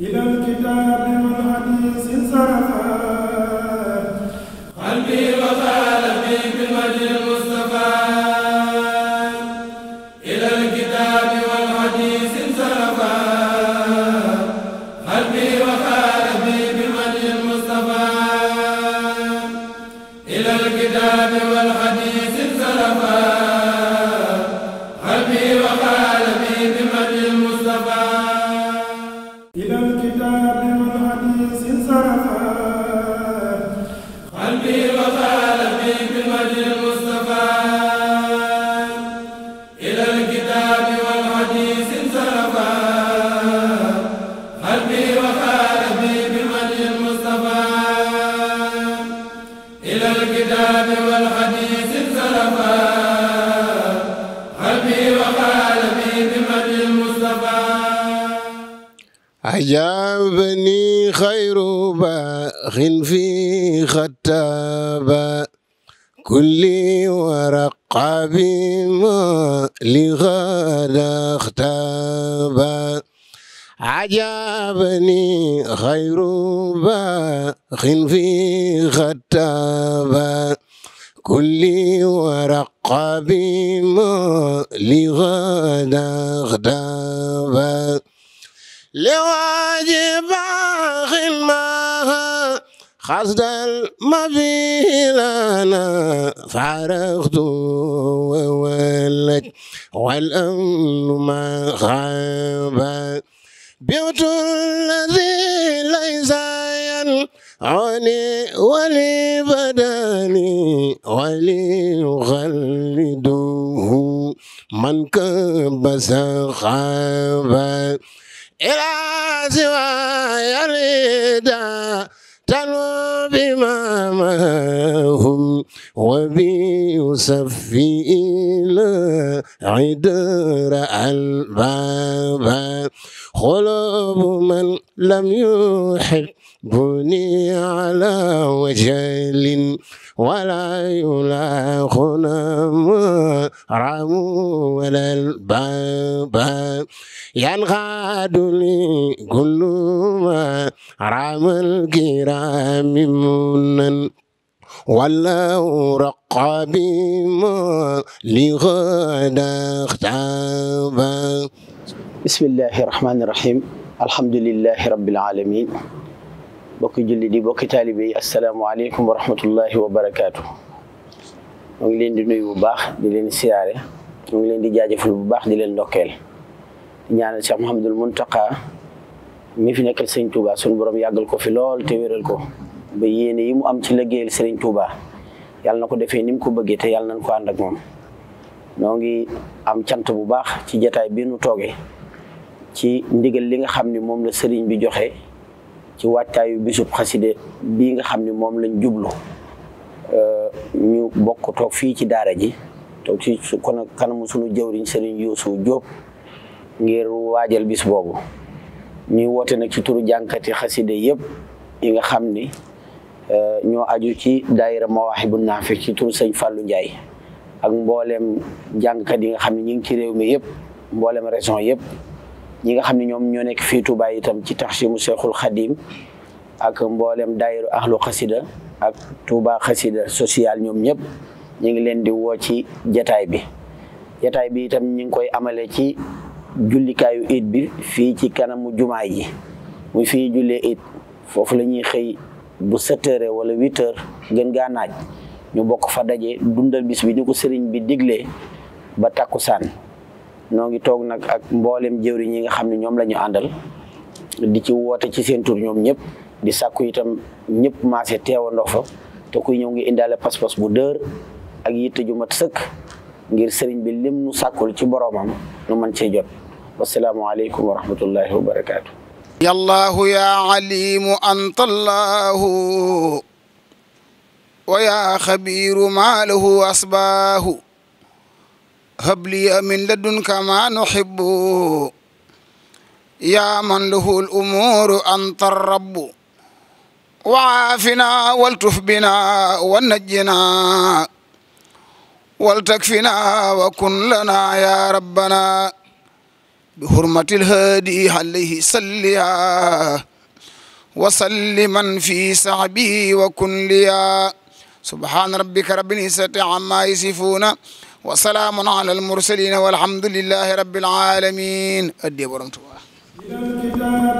إلى الكتاب والحديث انصرفا قلبي وقال بي بالمجد bi wa xaala bi bil madil عجبني خير باخ في خطابا كل ورقع بما لغدا اختابا عجبني خير باخ في خطابا كل ورقع بما لغدا اختابا لواجب ما خصد المبي لنا فارغت وولد والأمن ما خاب بيوت الذي ليس عني ولي بدني ولي يخلده من كبس خابا إلى سوى يريدا تنو بما معهم وبيصفي إلى عدر الباب قلوب من لم يحب بني على وجل ولا يلاخ نمرم ولا الباب ينغاد لي كل ما رام الكرام منن ولا رق بما لغد اختاب بسم الله الرحمن الرحيم الحمد لله رب العالمين bokki julli di bokki taalibe yi asalaamaaleykum wa rahmatullahi wa barakaatu. mu ngi leen di nuyu bu baax di leen siyaare mu ngi leen di jaajëfal bu baax di leen ndokkeel di ñaanal Cheikh Mouhamadul Muntaqa mi fi nekkal sëñ Touba sunu borom yàggal ko fi lool te ko ba yéene yi mu am ci liggéeyal sëriñ Touba yàlla na ko defee ni mu ko bëggee te yàlla nañ ko ànd ak moom. noo ngi am cant bu baax ci jataay bi nu toogee ci ndigal li nga xam ni moom la sëriñ bi joxe. ci waajtaayu bisu xaside bii nga xam ne moom lañ jublu euh, ñu bokk fii ci daara ji toog ci kon kanamu sunu jëwriñ sëriñ Youssou Diop ngir waajal bis boobu ñuy woote nag ci turu jànkati xaside yëpp yi nga xam ni euh, ñoo aju ci daayira Mawaahibu Naafi ci turu sëñ Fallou Ndiaye ak mboolem jàngkat yi nga xam ne ñu ngi ci réew mi yëpp mboolem région yëpp ñi nga xam ne ñoom ñoo nekk fii Touba itam ci taxsimu Seexul Xadim ak mboolem daayiru Ahlu Xasida ak Touba Xasida social ñoom ñëpp ñu ngi leen di woo ci jataay bi jataay bi itam ñu ngi koy amale ci jullikaayu it bi fii ci kanamu jumaa yi muy fi jullee it foofu la ñuy xëy bu sept wala huit heures gën gaa naaj ñu bokk fa daje dundal bis bi ni ko sëriñ bi diglee ba takkusaan noo toog nag ak mboolem jëwriñ yi nga xam ne ñoom lañu ñu di ci woote ci seen tur ñoom ñëpp di sàkku itam ñëpp maase teewandoo fa te kuy ñëw ngi indaale pas-pas bu dër ak yitte ju mat sëkk ngir sëriñ bi lim nu sàkkul ci boroomam nu mën cee jot wasalaamualeykum wa rahmatullahi wa barakaatu. yallaahu yaa alimu anta allaahu wa yaa xabiiru maa lahu asbaahu هب لي من لدنك ما نحب يا من له الأمور أنت الرب وعافنا والتف بنا ونجنا والتكفنا وكن لنا يا ربنا بحرمة الهادي عليه سليا وسلما في سعبي وكن ليا سبحان ربك رب العزة عما يصفون wa salaamun ala al mursalin walhamdulillahi rabbil alamin addiye borom Tuubaa